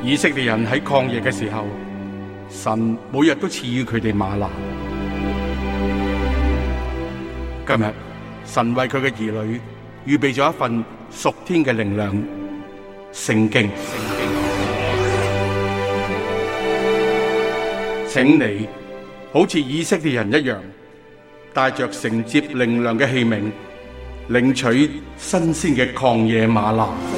以色列人喺曠野嘅時候，神每日都賜予佢哋嗎哪。今日，神為佢嘅兒女預備咗一份屬天嘅靈糧聖經。聖經。請你好似以色列人一樣，帶着承接靈糧嘅器皿，領取新鮮嘅曠野嗎哪。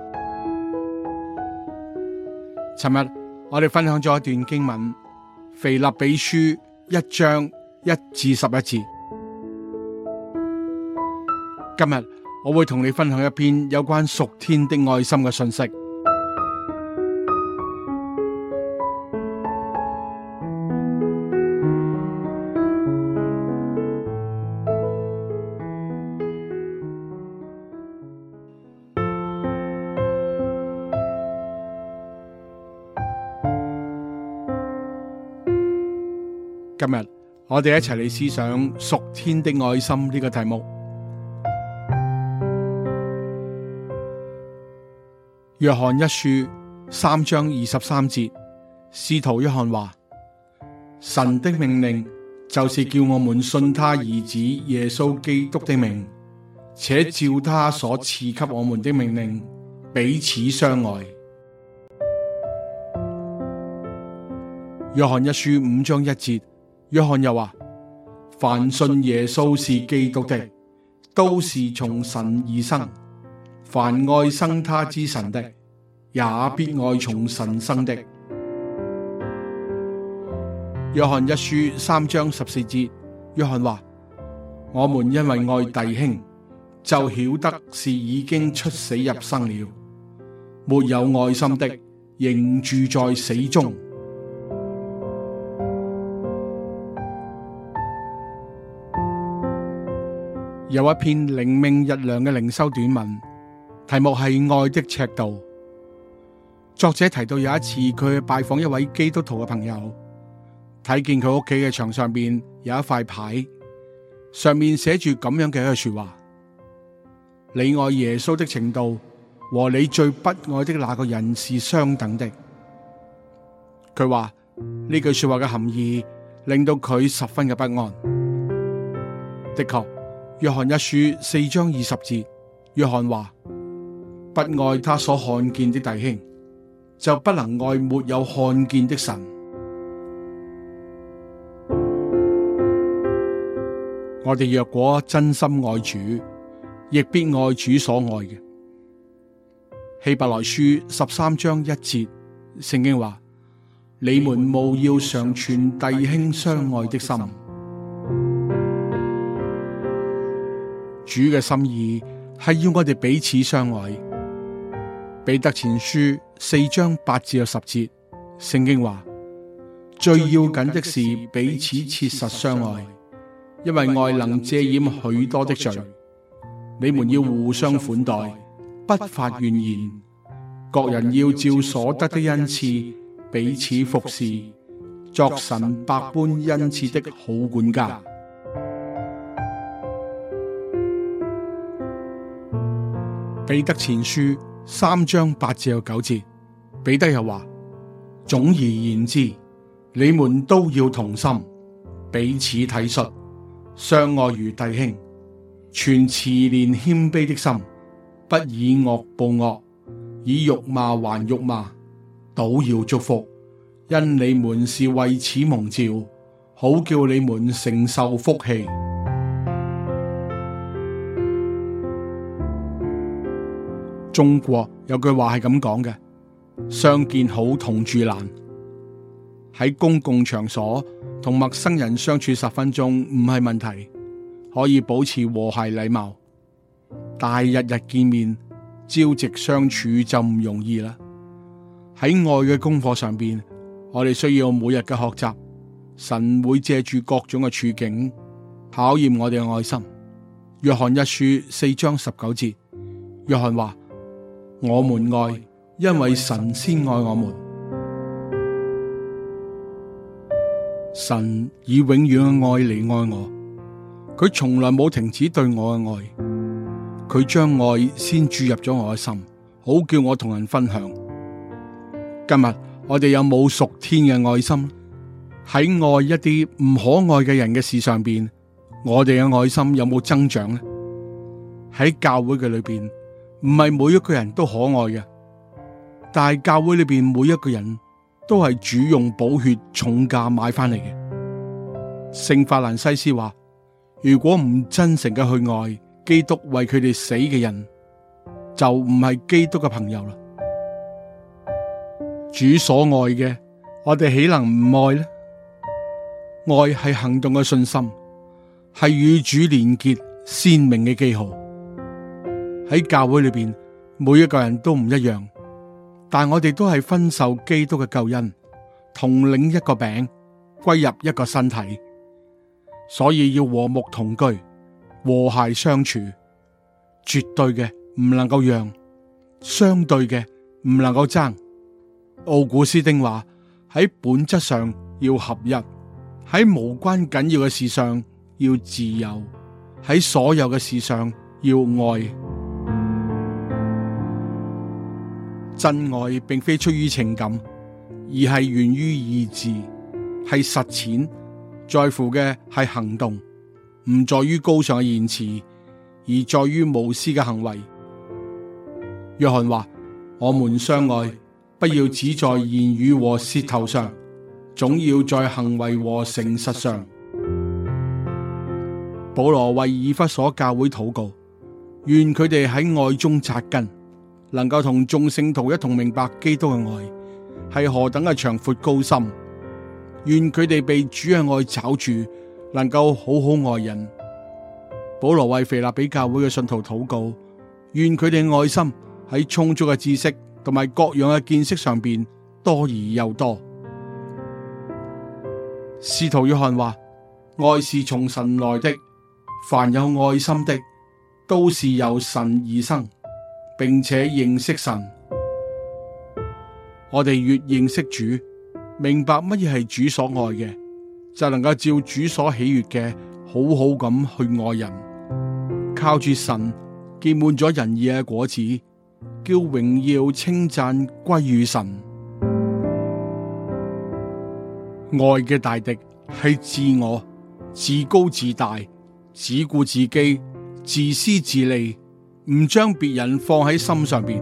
尋日我哋分享咗一段經文《腓立比書》一章一至十一節。今日我會同你分享一篇有關屬天的愛心嘅信息。今日我哋一齊嚟思想屬天的愛心呢個題目。約翰一書三章二十三節，使徒約翰話：神的命令就是叫我們信他兒子耶穌基督的名，且照他所賜給我們的命令彼此相愛。約翰一書五章一節。約翰又話：凡信耶穌是基督的，都是從神而生；凡愛生他之神的，也必愛從神生的。約翰一書三章十四節，約翰話：我們因為愛弟兄，就曉得是已經出死入生了；沒有愛心的，仍住在死中。有一篇靈命日糧嘅靈修短文，題目係《愛的尺度》。作者提到有一次佢去拜訪一位基督徒嘅朋友，睇見佢屋企嘅牆上邊有一塊牌，上面寫住咁樣嘅一句說話：你愛耶穌的程度，和你最不愛的那個人是相等的。佢話呢句說話嘅含義，令到佢十分嘅不安。的確。約翰一書四章二十節，約翰話：不愛他所看見的弟兄，就不能愛沒有看見的神。我哋若果真心愛主，亦必愛主所愛嘅。希伯來書十三章一節，聖經話：你們務要常存弟兄相愛的心。主嘅心意係要我哋彼此相愛。彼得前書四章八至十節，聖經話，最要緊的是彼此切實相愛，因為愛能遮掩許多的罪。你們要互相款待，不發怨言，言，各人要照所得的恩賜彼此服事，作神百般恩賜的好管家。彼得前書三章八至九節，彼得又話：總而言之，你們都要同心彼此體恤，相愛如弟兄，存慈憐謙卑的心，不以惡報惡，以辱罵還辱罵，倒要祝福，因你們是為此蒙召，好叫你們承受福氣。中國有句話係咁講嘅：相見好，同住難。喺公共場所同陌生人相處十分鐘唔係問題，可以保持和諧禮貌。但係日日見面，朝夕相處就唔容易啦。喺愛嘅功課上面，我哋需要每日嘅學習。神會借住各種嘅處境考驗我哋嘅愛心。約翰一書四章十九節，約翰話：我們愛，因為神先愛我們。神以永遠嘅愛嚟愛我，佢從來冇停止對我嘅愛。佢將愛先注入咗我嘅心，好叫我同人分享。今日我哋有冇屬天嘅愛心？喺愛一啲唔可愛嘅人嘅事上邊，我哋嘅愛心有冇增長呢？喺教會嘅裏邊。唔係每一個人都可愛嘅，但係教會裏邊每一個人都係主用寶血重價買翻嚟嘅。聖法蘭西斯話：如果唔真誠嘅去愛基督為佢哋死嘅人，就唔係基督嘅朋友啦。主所愛嘅，我哋豈能唔愛呢？愛係行動嘅信心，係與主連結鮮明嘅記號。喺教會裏邊，每一個人都唔一樣，但我哋都係分受基督嘅救恩，同領一個餅，歸入一個身體，所以要和睦同居，和諧相處。絕對嘅唔能夠讓，相對嘅唔能夠爭。奧古斯丁話：喺本質上要合一，喺無關緊要嘅事上要自由，喺所有嘅事上要愛。真愛並非出於情感，而係源於意志，係實踐，在乎嘅係行動，唔在於高尚嘅言辭，而在於無私嘅行為。約翰話，我們相愛，不要只在言語和舌頭上，總要在行為和誠實上。保羅為以弗所教會禱告，願佢哋喺愛中扎根。能夠同眾聖徒一同明白基督嘅愛係何等嘅長闊高深，願佢哋被主嘅愛抓住，能夠好好愛人。保羅為腓立比教會嘅信徒禱告，願佢哋愛心喺充足嘅知識同埋各樣嘅見識上邊多而又多。使徒約翰話：愛是從神來的，凡有愛心的，都是由神而生。並且認識神，我哋越認識主，明白乜嘢係主所愛嘅，就能夠照主所喜悅嘅好好咁去愛人。靠住神結滿咗仁義嘅果子，叫榮耀稱讚歸於神。愛嘅大敵係自我，自高自大，只顧自己，自私自利，唔將別人放喺心上邊，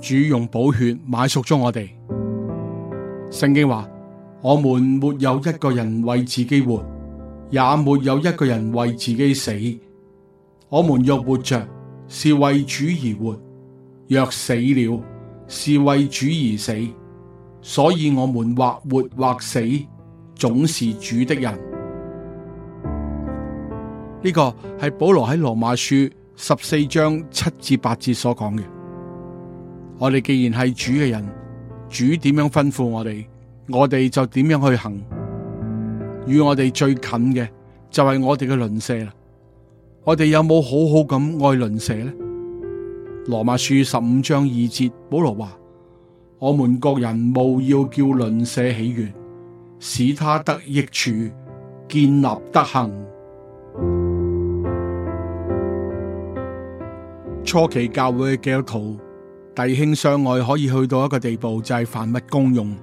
主用寶血買贖咗我哋。聖經話：我們沒有一個人為自己活，也沒有一個人為自己死。我們若活着，是為主而活；若死了，是為主而死。所以，我們或活或死，總是主的人。呢個係保羅喺羅馬書十四章七至八節所講嘅，我哋既然係主嘅人，主點樣吩咐我哋，我哋就點樣去行。與我哋最近嘅就係我哋嘅鄰舍啦，我哋有冇好好咁愛鄰舍呢？羅馬書十五章二節，保羅話：我們各人務要叫鄰舍喜悅，使他得益處，建立德行。初期教會嘅基督徒弟兄相愛可以去到一個地步，就係、是、凡物公用。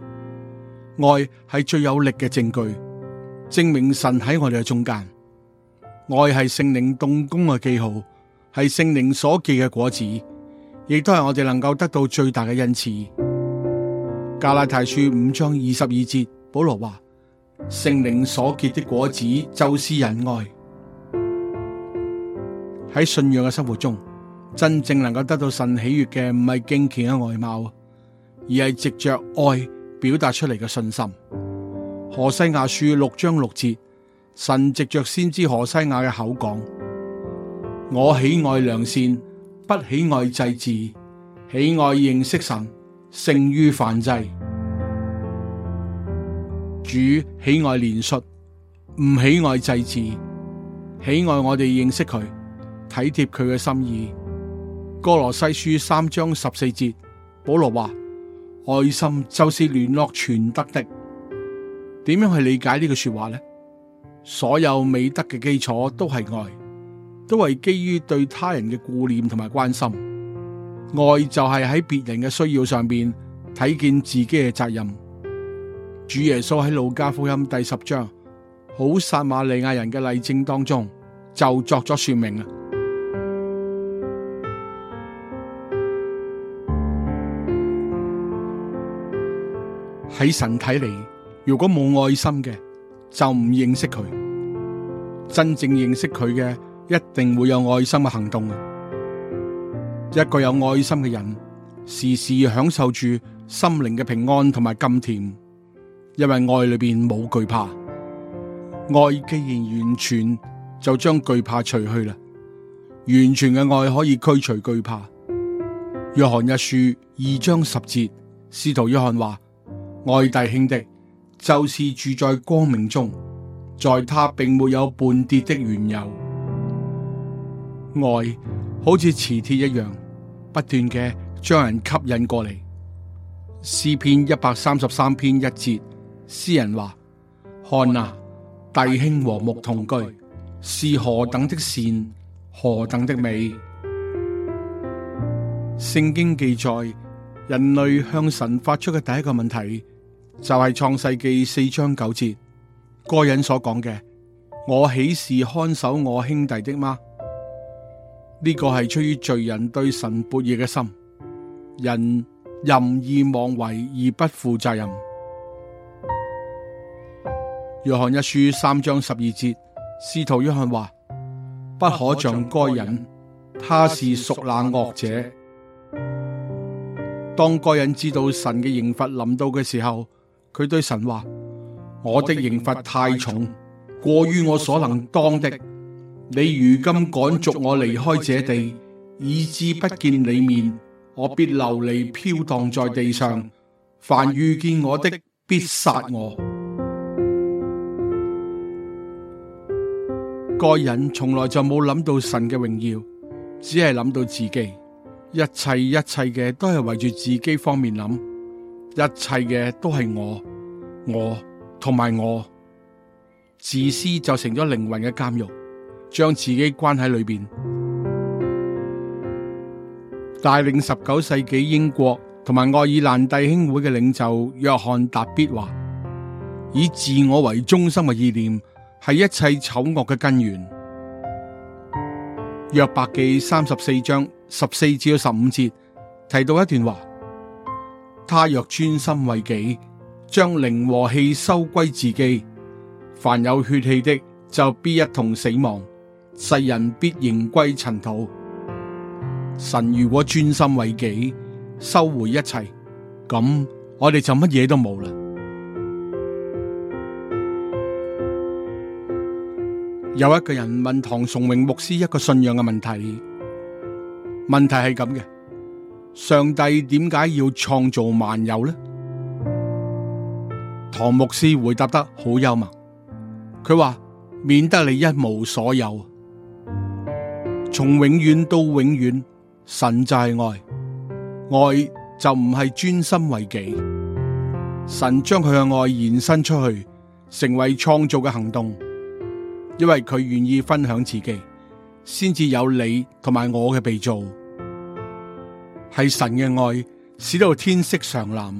愛係最有力嘅證據，證明神喺我哋嘅中間。愛係聖靈動工嘅記號，係聖靈所結嘅果子，亦都係我哋能夠得到最大嘅恩賜。加拉太書五章二十二節，保羅話：聖靈所結的果子就是仁愛。喺信仰嘅生活中。真正能夠得到神喜悦嘅唔係敬虔嘅外貌，而係藉着愛表達出嚟嘅信心。何西阿書六章六節，神藉着先知何西阿嘅口講：我喜愛良善，不喜愛祭祀。喜愛認識神勝於燔祭。主喜愛憐恤，唔喜愛祭祀。喜愛我哋認識佢，體貼佢嘅心意。哥羅西書三章十四節，保羅話：愛心就是聯絡全德的。點樣去理解呢個說話呢？所有美德嘅基礎都係愛，都係基於對他人嘅顧念同埋關心。愛就係喺別人嘅需要上邊睇見自己嘅責任。主耶穌喺路加福音第十章好撒瑪利亞人嘅例證當中就作咗說明了喺神睇嚟，如果冇愛心嘅，就唔認識佢。真正認識佢嘅，一定會有愛心嘅行動。一個有愛心嘅人，時時享受住心靈嘅平安同埋甘甜，因為愛裏邊冇懼怕。愛既然完全，就將懼怕除去啦。完全嘅愛可以驅除懼怕。約翰一書二章十節，司徒約翰話。愛弟兄的，就是住在光明中，在他並沒有絆跌的緣由。愛好似磁鐵一樣，不斷嘅將人吸引過嚟。詩篇一百三十三篇一節，詩人話：看啊，弟兄和睦同居，是何等的善，何等的美！聖經記載，人類向神發出嘅第一個問題。就係、是、創世記四章九節，該隱所講嘅，我豈是看守我兄弟的嗎？呢、這個係出於罪人對神悖逆嘅心，人任意妄為而不負責任。約翰一書三章十二節，使徒約翰話：不可像該隱，他是屬那，那惡者。當該隱知道神嘅刑罰臨到嘅時候。佢對神話：，我的刑罰太重，過於我所能當的。你如今趕逐我離開這地，以致不見你面，我必流離飄蕩在地上。凡遇見我的，必殺我。個人從來就冇諗到神嘅榮耀，只係諗到自己，一切一切嘅都係圍住自己方面諗。一切嘅都係我，我同埋我自私就成咗靈魂嘅監獄，將自己關喺裏邊。帶領十九世紀英國同埋愛爾蘭弟兄會嘅領袖約翰達必話：以自我為中心嘅意念係一切醜惡嘅根源。約伯記三十四章十四至十五節提到一段話。他若專心為己，將靈和氣收歸自己，凡有血氣的就必一同死亡，世人必仍歸塵土。神如果專心為己，收回一切，咁我哋就乜嘢都冇啦。有一個人問唐崇榮牧師一個信仰嘅問題，問題係咁嘅。上帝點解要創造萬有呢？唐牧師回答得好幽默，佢話，免得你一無所有，從永遠到永遠，神就係愛，愛就唔係專心為己。神將佢嘅愛延伸出去，成為創造嘅行動，因為佢願意分享自己，先至有你同埋我嘅被造。係神嘅愛，使到天色常藍；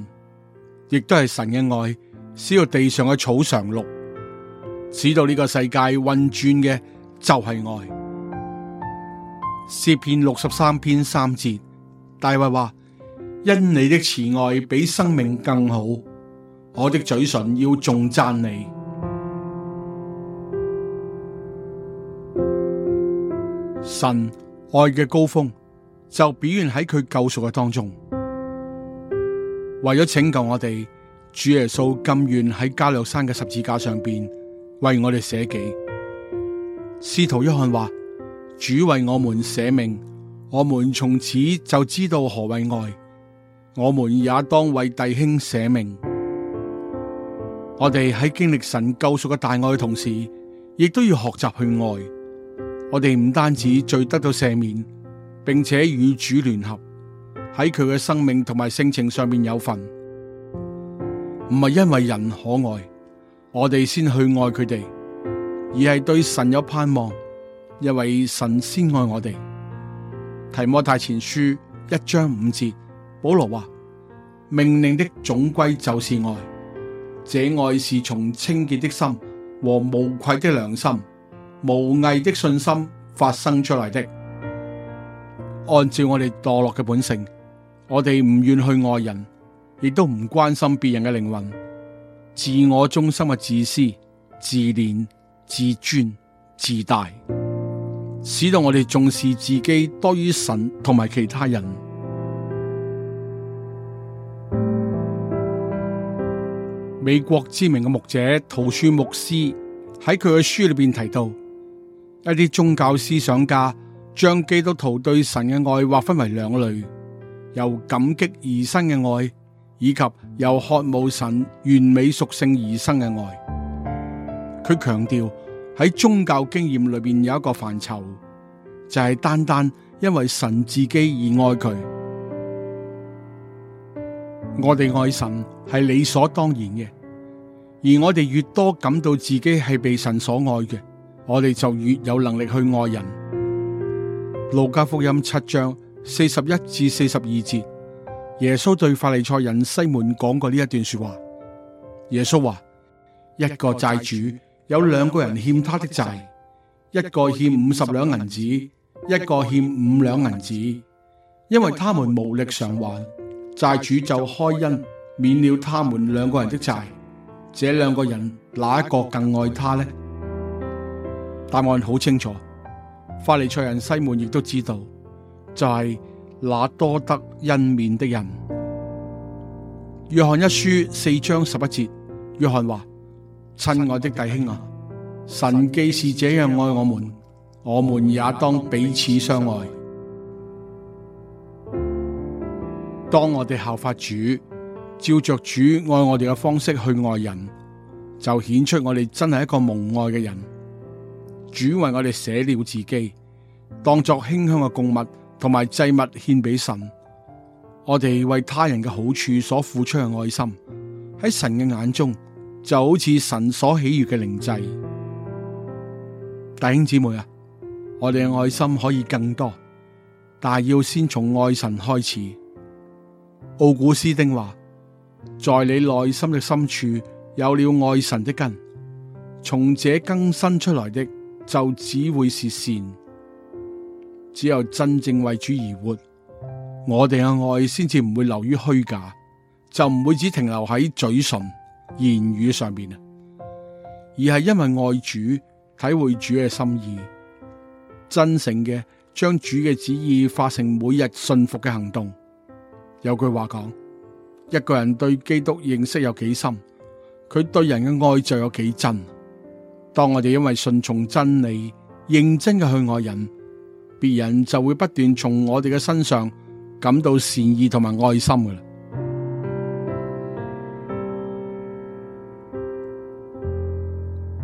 亦都係神嘅愛，使到地上嘅草常綠；使到呢個世界運轉嘅就係愛。詩篇六十三篇三節，大衛話：因你的慈愛比生命更好，我的嘴唇要頌讚你。神愛嘅高峰。就表現喺佢救贖嘅當中，為咗拯救我哋，主耶穌甘願喺加略山嘅十字架上邊為我哋捨己。司徒約翰話：主為我們捨命，我們從此就知道何為愛，我們也當為弟兄捨命。我哋喺經歷神救贖嘅大愛同時，亦都要學習去愛。我哋唔單止罪得到赦免。並且與主聯合，喺佢嘅生命同埋性情上面有份。唔係因為人可愛，我哋先去愛佢哋，而係對神有盼望，因為神先愛我哋。提摩太前書一章五節，保羅話：命令的總歸就是愛，這愛是從清潔的心和無愧的良心、無偽的信心發生出來的。按照我哋墮落嘅本性，我哋唔願去愛人，亦都唔關心別人嘅靈魂。自我中心嘅自私、自憐、自尊、自大，使到我哋重視自己多於神同埋其他人。美國知名嘅牧者陶恕牧師喺佢嘅書裏邊提到一啲宗教思想家。將基督徒對神嘅愛劃分為兩類，由感激而生嘅愛，以及由渴慕神完美屬性而生嘅愛。佢強調喺宗教經驗裏邊有一個範疇，就係單單因為神自己而愛佢。我哋愛神係理所當然嘅，而我哋越多感到自己係被神所愛嘅，我哋就越有能力去愛人。路加福音七章四十一至四十二節，耶穌對法利賽人西門講過呢一段說話。耶穌話：一個債主有兩個人欠他的債，一個欠五十兩銀子，一個欠五兩銀子，因為他們無力償還，債主就開恩免了他們兩個人的債。這兩個人哪一個更愛他呢？答案好清楚。法利賽人西門亦都知道，就係、是、那多得恩免的人。約翰一書四章十一節，約翰話：親愛的弟兄啊，神既是這樣愛我們，我們也當彼此相愛。當我哋效法主，照着主愛我哋嘅方式去愛人，就顯出我哋真係一個蒙愛嘅人。主為我哋捨了自己，當作馨香嘅供物同埋祭物獻俾神。我哋為他人嘅好處所付出嘅愛心，喺神嘅眼中就好似神所喜悦嘅靈祭。弟兄姊妹啊，我哋嘅愛心可以更多，但係要先從愛神開始。奧古斯丁話：在你內心嘅深處有了愛神的根，從這根生出來的。就只會是善，只有真正為主而活，我哋嘅愛先至唔會流於虛假，就唔會只停留喺嘴唇、言語上邊啊！而係因為愛主，體會主嘅心意，真誠嘅將主嘅旨意化成每日順服嘅行動。有句話講：一個人對基督認識有幾深，佢對人嘅愛就有幾真。當我哋因為順從真理，認真嘅去愛人，別人就會不斷從我哋嘅身上感到善意同埋愛心噶啦。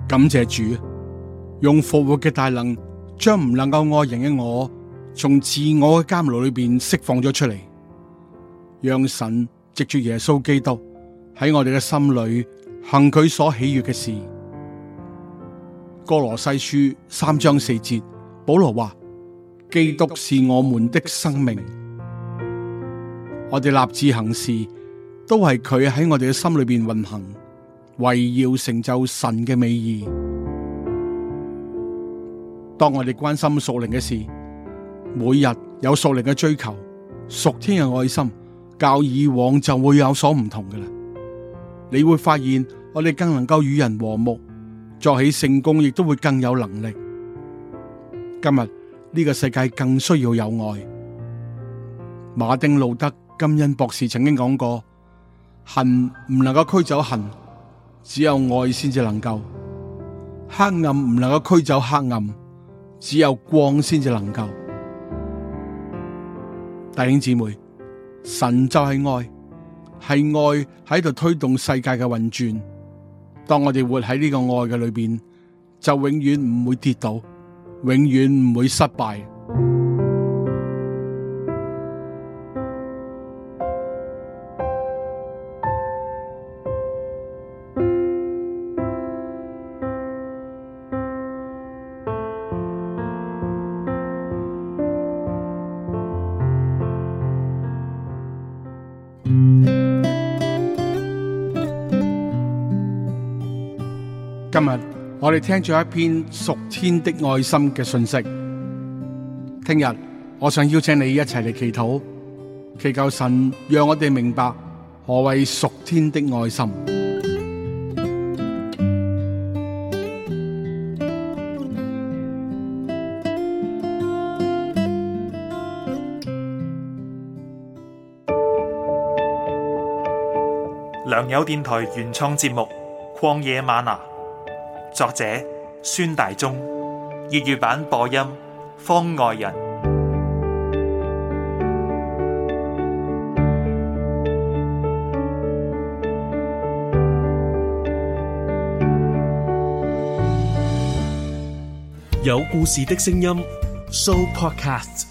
感謝主，用復活嘅大能，將唔能夠愛人嘅我，從自我嘅監牢裏邊釋放咗出嚟，讓神藉住耶穌基督喺我哋嘅心裏行佢所喜悅嘅事。歌羅西書三章四節，保羅話：基督是我們的生命，我哋立志行事都係佢喺我哋嘅心裏邊運行，為要成就神嘅美意。當我哋關心屬靈嘅事，每日有屬靈嘅追求，屬天嘅愛心，較以往就會有所唔同嘅啦。你會發現我哋更能夠與人和睦。作起聖工，亦都會更有能力。今日呢個世界更需要有愛。馬丁路德金恩博士曾經講過：恨唔能夠驅走恨，只有愛先至能夠；黑暗唔能夠驅走黑暗，只有光先至能夠。弟兄姊妹，神就係愛，係愛喺度推動世界嘅運轉。當我哋活喺呢個愛嘅裏面，就永遠唔會跌倒，永遠唔會失敗。今日我哋聽咗一篇屬天的愛心嘅信息。聽日我想邀請你一齊嚟祈禱，祈求神讓我哋明白何謂屬天的愛心。良友電台原創節目《曠野嗎哪》。作者：孫大中，粵語版播音：方外人，有故事的聲音，Show Podcast。